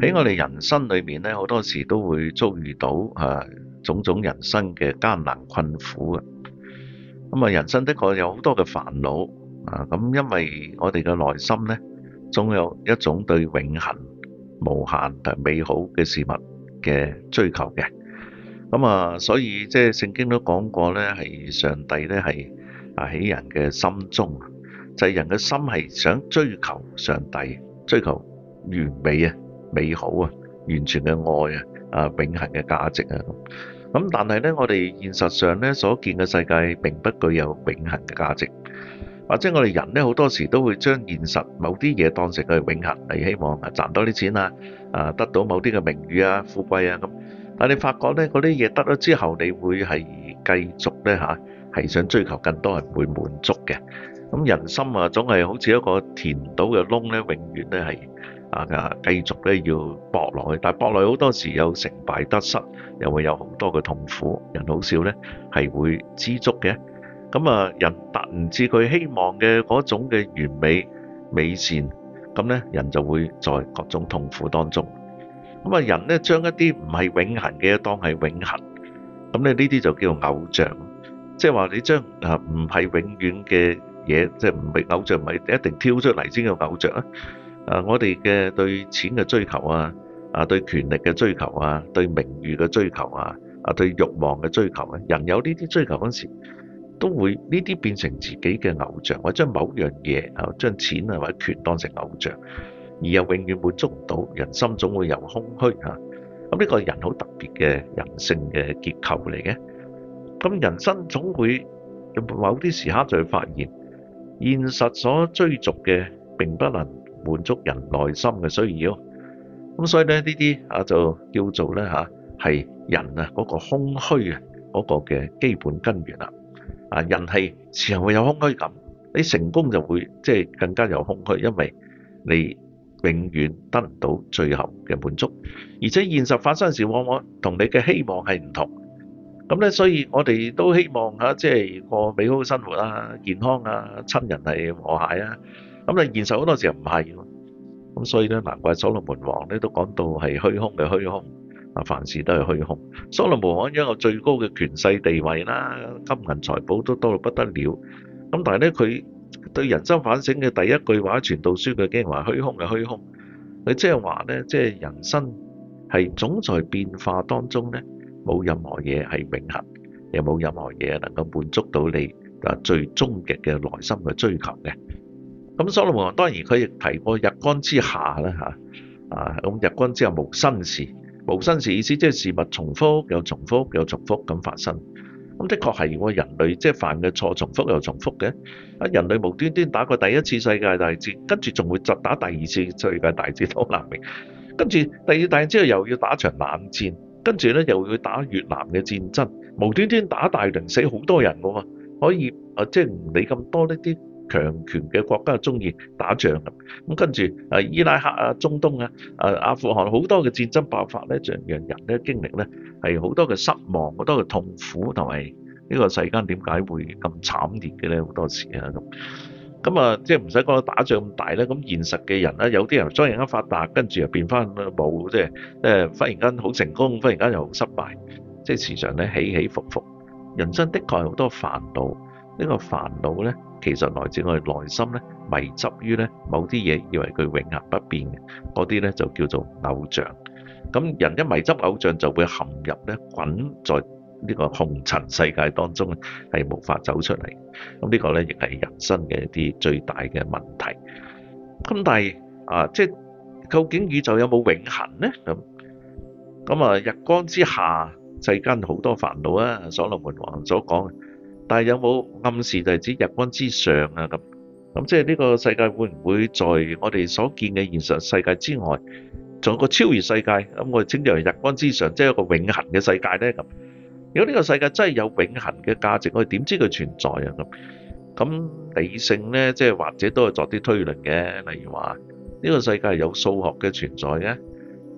喺我哋人生裏面咧，好多時都會遭遇到啊種種人生嘅艱難困苦啊咁啊，人生的確有好多嘅煩惱啊！咁因為我哋嘅內心咧，總有一種對永恆、無限同美好嘅事物嘅追求嘅。咁啊，所以即係聖經都講過咧，係上帝咧係啊喺人嘅心中，就係、是、人嘅心係想追求上帝，追求完美啊！美好啊，完全嘅愛啊，啊，永恆嘅價值啊咁。咁但係呢，我哋現實上呢所見嘅世界並不具有永恆嘅價值，或者我哋人呢，好多時都會將現實某啲嘢當成佢永恆，嚟，希望啊賺多啲錢啊，啊得到某啲嘅名譽啊、富貴啊咁、啊。但你發覺呢嗰啲嘢得咗之後，你會係繼續呢？嚇、啊、係想追求更多人，人唔會滿足嘅。咁、啊、人心啊，總係好似一個填唔到嘅窿呢，永遠呢係。啊！繼續咧要搏來，但係搏來好多時有成敗得失，又會有好多嘅痛苦。人好少呢，係會知足嘅。咁啊，人達唔至佢希望嘅嗰種嘅完美美善，咁呢，人就會在各種痛苦當中。咁啊，人呢，將一啲唔係永恆嘅嘢當係永恆咁咧，呢啲就叫做偶像。即係話你將啊唔係永遠嘅嘢，即係唔係偶像，唔係一定挑出嚟先叫偶像啊。啊！我哋嘅對錢嘅追求啊，啊對權力嘅追求啊，對名譽嘅追求啊，啊對慾望嘅追求啊，人有呢啲追求嗰陣時，都會呢啲變成自己嘅偶像，或者將某樣嘢啊，將錢啊或者權當成偶像，而又永遠滿足唔到，人心總會有空虛嚇。咁呢個人好特別嘅人性嘅結構嚟嘅。咁人生總會有某啲時刻就會發現，現實所追逐嘅並不能。滿足人內心嘅需要，咁所以咧呢啲啊就叫做咧嚇，係人啊嗰個空虛啊嗰個嘅基本根源啦。啊，人係時候會有空虛感，你成功就會即係更加有空虛，因為你永遠得唔到最後嘅滿足，而且現實發生嘅時候往往同你嘅希望係唔同。咁咧，所以我哋都希望嚇即係過美好嘅生活啊，健康啊，親人係和諧啊。咁你現實好多時唔係，咁所以咧，難怪所羅門王咧都講到係虛空嘅虛空啊，凡事都係虛空。所羅門王一擁有最高嘅權勢地位啦，金銀財寶都多到不得了。咁但係咧，佢對人生反省嘅第一句話，傳道書嘅竟然話：虛空嘅虛空。佢即係話咧，即係人生係總在變化當中咧，冇任何嘢係永恆，又冇任何嘢能夠滿足到你嗱最終極嘅內心嘅追求嘅。咁《所羅門王》當然佢亦提過日光之下呢嚇，啊咁日光之下無新事，無新事意思即係事物重複又重複又重複咁發生。咁的確係如果人類即係犯嘅錯重複又重複嘅，啊人類無端端打過第一次世界大戰，跟住仲會續打第二次世界大戰都難明。跟住第二次世界大戰跟第二大戰之後又要打場冷戰，跟住咧又要打越南嘅戰爭，無端端打大輪死好多人喎、哦。可以啊即係唔理咁多呢啲。強權嘅國家啊，中意打仗咁，跟住啊伊拉克啊、中東啊、啊阿富汗好多嘅戰爭爆發呢就讓人咧經歷呢，係好多嘅失望、好多嘅痛苦同埋呢個世間點解會咁慘烈嘅呢？好多時啊咁咁啊，即係唔使講到打仗咁大呢。咁現實嘅人呢，有啲人有忽然間發達，跟住又變翻冇，即係即係忽然間好成功，忽然間又失敗，即係時常咧起起伏伏。人生的確係好多煩惱，呢、呢個煩惱呢。其實來自我哋內心咧，迷執於咧某啲嘢，以為佢永恆不變嘅嗰啲咧，就叫做偶像。咁人一迷執偶像，就會陷入咧滾在呢個紅塵世界當中，係無法走出嚟。咁呢個咧亦係人生嘅一啲最大嘅問題。咁但係啊，即係究竟宇宙有冇永恆咧？咁咁啊，日光之下，世間好多煩惱啊！所羅門王所講。但係有冇暗示就係指日光之上啊？咁咁即係呢個世界會唔會在我哋所見嘅現實世界之外，仲有個超越世界？咁我哋稱之為日光之上，即係一個永恆嘅世界咧？咁如果呢個世界真係有永恆嘅價值，我哋點知佢存在啊？咁咁理性咧，即係或者都係作啲推論嘅，例如話呢個世界有數學嘅存在嘅，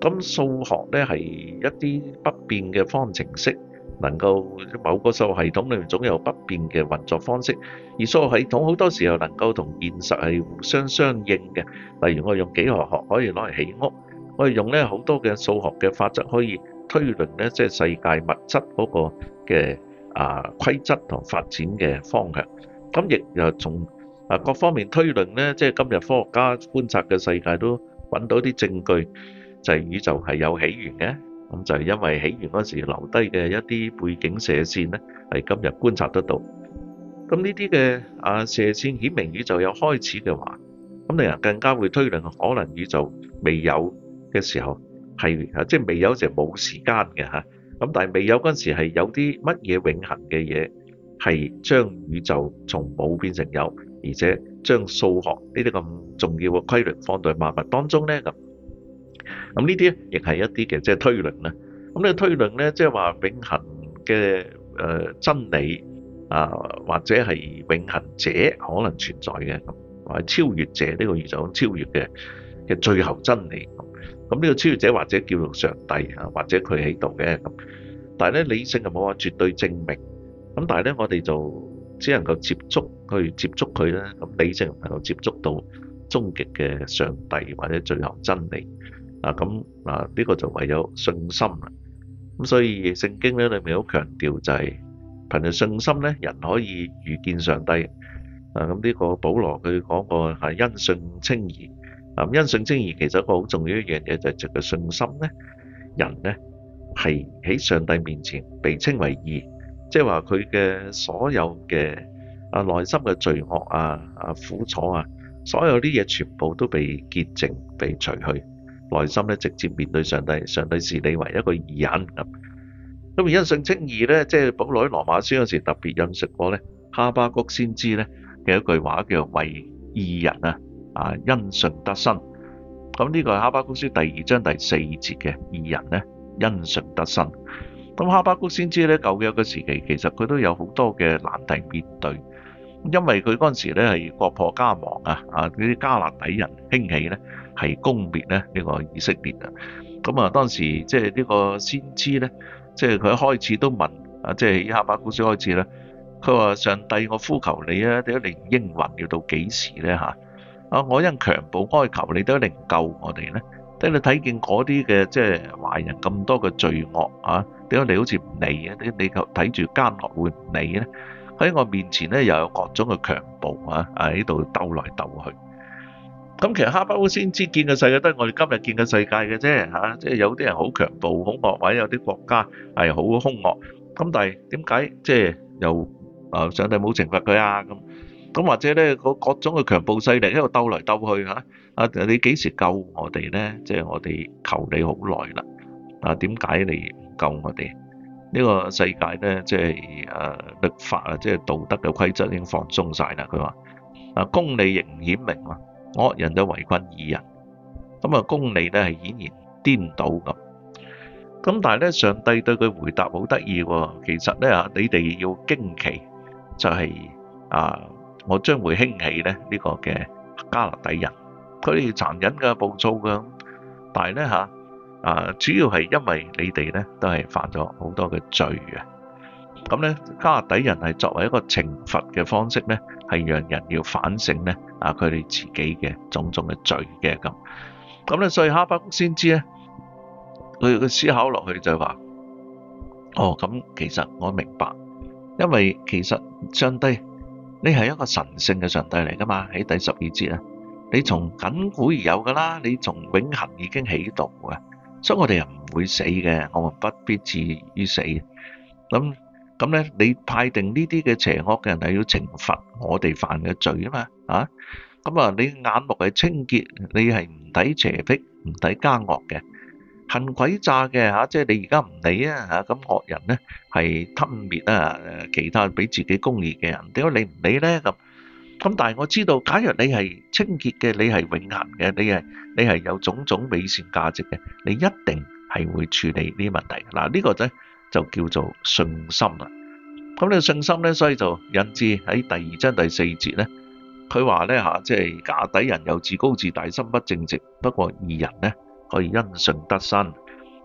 咁數學咧係一啲不變嘅方程式。能夠某個數學系統裏面總有不變嘅運作方式，而數學系統好多時候能夠同現實係互相相應嘅。例如我用幾何學可以攞嚟起屋，我哋用咧好多嘅數學嘅法則可以推論咧，即係世界物質嗰個嘅啊規則同發展嘅方向。咁亦又從啊各方面推論咧，即係今日科學家觀察嘅世界都揾到啲證據，就係宇宙係有起源嘅。咁就係因為起源嗰時留低嘅一啲背景射線咧，係今日觀察得到。咁呢啲嘅啊射線顯明宇宙有開始嘅話，咁令人更加會推論可能宇宙未有嘅時候係啊，即係未有時冇時間嘅嚇，咁但係未有嗰陣時係有啲乜嘢永恆嘅嘢係將宇宙從冇變成有，而且將數學呢啲咁重要嘅規律放到萬物當中咧咁。咁呢啲咧亦係一啲嘅即係推論啦。咁、這、呢個推論咧，即係話永恆嘅誒真理啊，或者係永恆者可能存在嘅，或者超越者呢、這個意思就超越嘅嘅最後真理。咁、這、呢個超越者或者叫做上帝啊，或者佢喺度嘅。咁但係咧理性就冇話絕對證明。咁但係咧我哋就只能夠接觸去接觸佢啦。咁理性就能夠接觸到終極嘅上帝或者最後真理。嗱咁嗱，呢、啊這個就唯有信心啦。咁所以聖經咧裏面好強調就係憑住信心咧，人可以遇見上帝。啊咁呢、這個保羅佢講過係、啊、因信稱義。啊因信稱義其實一個好重要一樣嘢就係藉住信心咧，人咧係喺上帝面前被稱為義，即係話佢嘅所有嘅啊內心嘅罪惡啊、啊苦楚啊，所有啲嘢全部都被潔淨被除去。內心咧直接面對上帝，上帝視你為一個義人咁。咁而因信稱義咧，即係保羅喺羅馬書嗰時特別引述過咧《哈巴谷先知》咧嘅一句話，叫做為義人啊啊因信得生。咁呢個係《哈巴谷書》第二章第四節嘅義人咧因信得生。咁《哈巴谷先知》咧舊約嘅一個時期，其實佢都有好多嘅難題面對。因為佢嗰陣時咧係國破家亡啊！啊，啲加勒底人興起咧係攻滅咧呢個以色列啊！咁啊，當時即係呢個先知咧，即係佢一開始都問啊，即係以哈巴谷書開始啦。佢話：上帝，我呼求你啊，點解你唔應允要到幾時咧？嚇啊！我因強暴哀求你，點解你唔救我哋咧？點解你睇見嗰啲嘅即係壞人咁多嘅罪惡啊？點解你好似唔理啊？啲你睇住奸惡會唔理咧？喺我面前咧，又有各種嘅強暴啊！喺度鬥來鬥去，咁其實哈巴谷先知見嘅世界都係我哋今日見嘅世界嘅啫嚇，即係有啲人好強暴、好惡，或者有啲國家係好兇惡。咁但係點解即係又啊上帝冇懲罰佢啊？咁咁或者咧，個各種嘅強暴勢力喺度鬥來鬥去嚇啊！你幾時救我哋咧？即係我哋求你好耐啦！啊，點解你唔救我哋？呢個世界咧，即係誒律法啊，即係道德嘅規則已經放鬆晒啦。佢話：啊，公理亦唔顯明嘛，惡人就為君以人，咁、嗯、啊，公理咧係顯然顛倒咁。咁但係咧，上帝對佢回答好得意喎。其實咧嚇，你哋要驚奇就係、是、啊，我將會興起咧呢、這個嘅加勒底人，佢哋殘忍嘅暴躁嘅，但係咧嚇。啊啊！主要係因為你哋咧都係犯咗好多嘅罪嘅。咁咧，迦勒底人係作為一個懲罰嘅方式咧，係讓人要反省咧啊，佢哋自己嘅種種嘅罪嘅咁。咁咧，所以哈巴谷先知咧，佢佢思考落去就係話：哦，咁其實我明白，因為其實上帝你係一個神聖嘅上帝嚟㗎嘛。喺第十二節啊，你從亙古而有㗎啦，你從永恆已經起到嘅。所以我哋又唔會死嘅，我哋不必至於死。咁咁咧，你派定呢啲嘅邪惡嘅人係要懲罰我哋犯嘅罪啊嘛啊咁啊，你眼目係清潔，你係唔睇邪僻、唔睇奸惡嘅，行詭詐嘅嚇，即係你而家唔理啊嚇，咁惡人咧係吞滅啊誒其他比自己公義嘅人，點解你唔理咧咁？咁但係我知道，假如你係清潔嘅，你係永恆嘅，你係你係有種種美善價值嘅，你一定係會處理呢啲問題。嗱，呢個咧就叫做信心啦。咁呢個信心咧，所以就引致喺第二章第四節咧，佢話咧吓，即係家底人又自高自大，心不正直。不過義人，咧可以因信得生，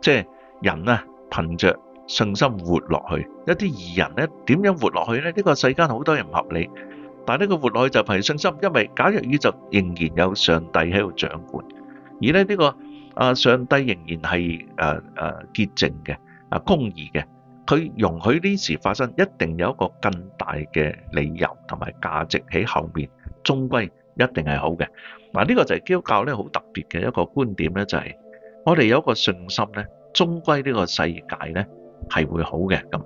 即係人啊，憑着信心活落去。一啲義人咧，點樣活落去咧？呢個世間好多人唔合理。但呢個活落去就係信心，因為假若宇宙仍然有上帝喺度掌管，而咧呢個啊上帝仍然係啊啊潔淨嘅啊公義嘅，佢容許呢事發生，一定有一個更大嘅理由同埋價值喺後面，終歸一定係好嘅。嗱，呢個就係基督教咧好特別嘅一個觀點咧，就係我哋有一個信心咧，終歸呢個世界咧係會好嘅咁。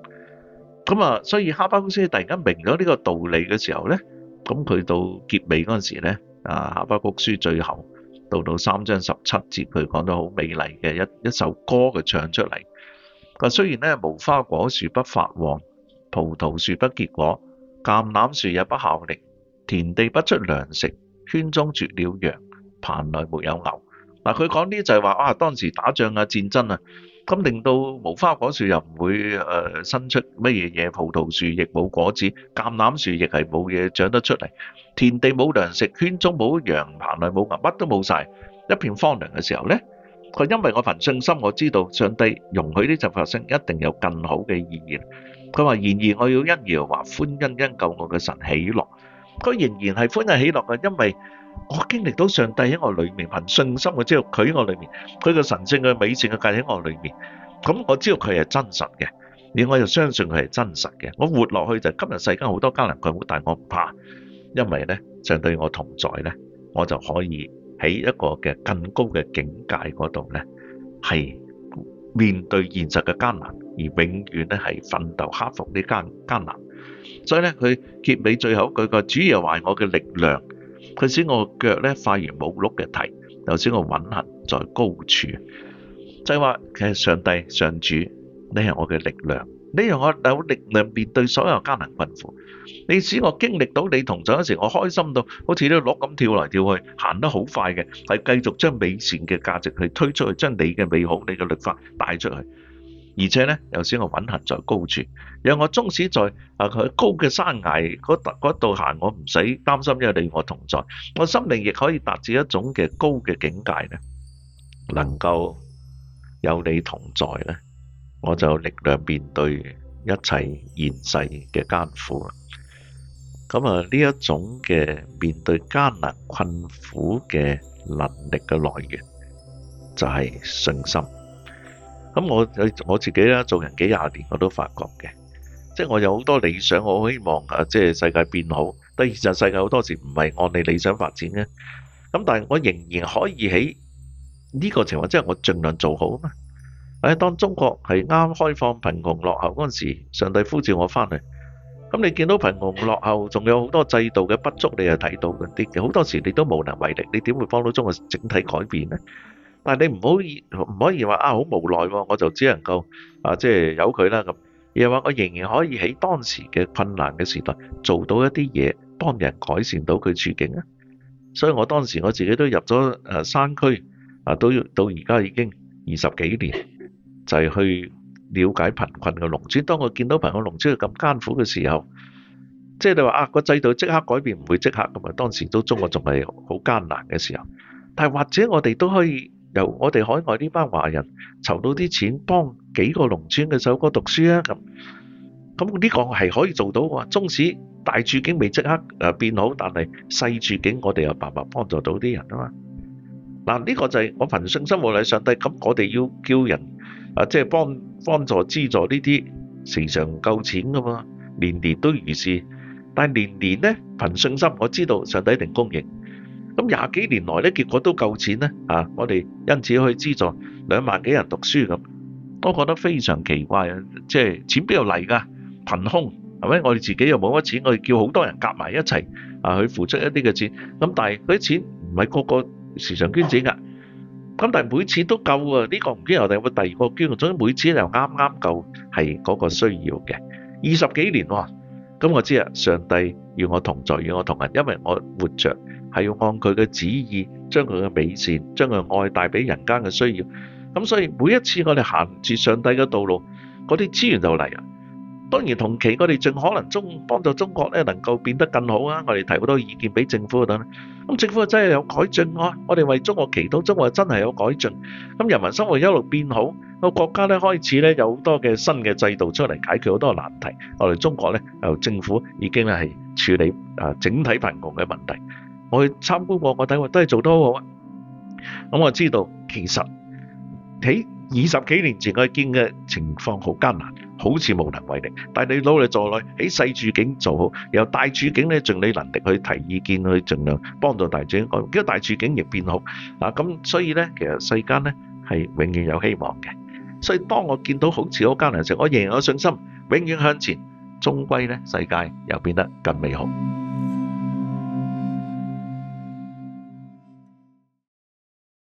咁啊，所以哈巴谷書突然間明咗呢個道理嘅時候咧，咁佢到結尾嗰陣時咧，啊哈巴谷書最後到到三章十七節，佢講到好美麗嘅一一首歌嘅唱出嚟。嗱，雖然咧無花果樹不發旺，葡萄樹不結果，橄欖樹也不效力，田地不出糧食，圈中絕了羊，棚內沒有牛。嗱，佢講呢就係話啊，當時打仗啊，戰爭啊。咁令到無花果樹又唔會誒生出乜嘢嘢，葡萄樹亦冇果子，橄欖樹亦係冇嘢長得出嚟，田地冇糧食，圈中冇羊，棚內冇牛，乜都冇晒，一片荒涼嘅時候咧，佢因為我份信心，我知道上帝容許呢個發生，一定有更好嘅意念。佢話然而我要因耶和華歡欣，因救我嘅神喜樂，佢仍然係歡欣喜樂嘅，因為。我經歷到上帝喺我裏面憑信心，我知道佢喺我裏面，佢嘅神聖嘅美善嘅計喺我裏面。咁我知道佢係真實嘅，而我就相信佢係真實嘅。我活落去就今日世間好多艱難困苦，但係我唔怕，因為咧上帝對我同在咧，我就可以喺一個嘅更高嘅境界嗰度咧，係面對現實嘅艱難，而永遠咧係奮鬥克服呢艱艱難。所以咧佢結尾最後佢個主要話係我嘅力量。佢使我腳咧快如冇碌嘅蹄，又使我穩行在高處。就係、是、話，其實上帝、上主，你係我嘅力量，你讓我有力量面對所有艱難困苦。你使我經歷到你同走時時，我開心到好似啲鹿咁跳來跳去，行得好快嘅，係繼續將美善嘅價值去推出去，將你嘅美好、你嘅律法帶出去。而且呢，又使我穩行在高處，讓我終始在啊佢高嘅山崖嗰嗰度行，我唔使擔心，因為你與我同在，我心靈亦可以達至一種嘅高嘅境界呢，能夠有你同在呢，我就力量面對一切現世嘅艱苦啦。咁啊，呢一種嘅面對艱難困苦嘅能力嘅來源，就係信心。咁我我我自己啦，做人幾廿年我都發覺嘅，即係我有好多理想，我希望啊，即係世界變好。第二就世界好多時唔係按你理想發展嘅，咁但係我仍然可以喺呢個情況之下，即係我儘量做好啊嘛！誒，當中國係啱開放、貧窮、落後嗰陣時，上帝呼召我翻嚟。咁你見到貧窮落後，仲有好多制度嘅不足，你又睇到嗰啲嘅，好多時你都無能為力，你點會幫到中國整體改變呢？但係你唔可以唔可以話啊好無奈喎，啊，我就只能夠啊即係由佢啦咁。又話我仍然可以喺當時嘅困難嘅時代做到一啲嘢，幫人改善到佢處境啊。所以我當時我自己都入咗，啊、山區啊，都到而家已經二十幾年，就係、是，去了解貧困嘅農村。當我見到貧困農村咁艱苦嘅時候，即係你話啊個制度即刻改變唔會即刻咁啊。當時都中國仲係好艱難嘅時候，但係或者我哋都可以。由我哋海外呢班華人籌到啲錢，幫幾個農村嘅首哥讀書啊！咁咁呢個係可以做到嘅。縱使大處境未即刻誒變好，但係細處境我哋又白白幫助到啲人啊嘛。嗱，呢個就係我憑信心望嚟上帝。咁我哋要叫人啊，即係幫幫助資助呢啲，時常唔夠錢噶嘛，年年都如是。但係年年咧，憑信心我知道上帝一定供應。咁廿幾年來咧，結果都夠錢咧嚇，我哋因此可以資助兩萬幾人讀書咁，都覺得非常奇怪啊！即係錢邊度嚟㗎？憑空係咪？我哋自己又冇乜錢，我哋叫好多人夾埋一齊啊去付出一啲嘅錢。咁但係嗰啲錢唔係個個時常捐錢㗎。咁但係每次都夠啊！呢個唔捐又定會第二個捐，總之每次又啱啱夠係嗰個需要嘅。二十幾年喎，咁我知啊，上帝與我同在，與我同人，因為我活着。係要按佢嘅旨意，將佢嘅美善，將佢嘅愛帶俾人間嘅需要。咁所以每一次我哋行住上帝嘅道路，嗰啲資源就嚟啦。當然同期我哋盡可能中幫助中國咧，能夠變得更好啊！我哋提好多意見俾政府嗰度，咁政府真係有改進啊！我哋為中國祈禱，中國真係有改進。咁人民生活一路變好，個國家咧開始咧有好多嘅新嘅制度出嚟解決好多難題。我哋中國咧由政府已經咧係處理啊整體貧窮嘅問題。我去參觀過，我睇過都係做得好好。咁我就知道，其實喺二十幾年前我見嘅情況好艱難，好似無能為力。但你努力做，你喺細處境做好，由大處境咧盡你能力去提意見，去盡量幫助大處境。咁如果大處境亦變好，嗱咁所以咧，其實世間咧係永遠有希望嘅。所以當我見到好似好艱難時，我仍然有信心，永遠向前，終歸咧世界又變得更美好。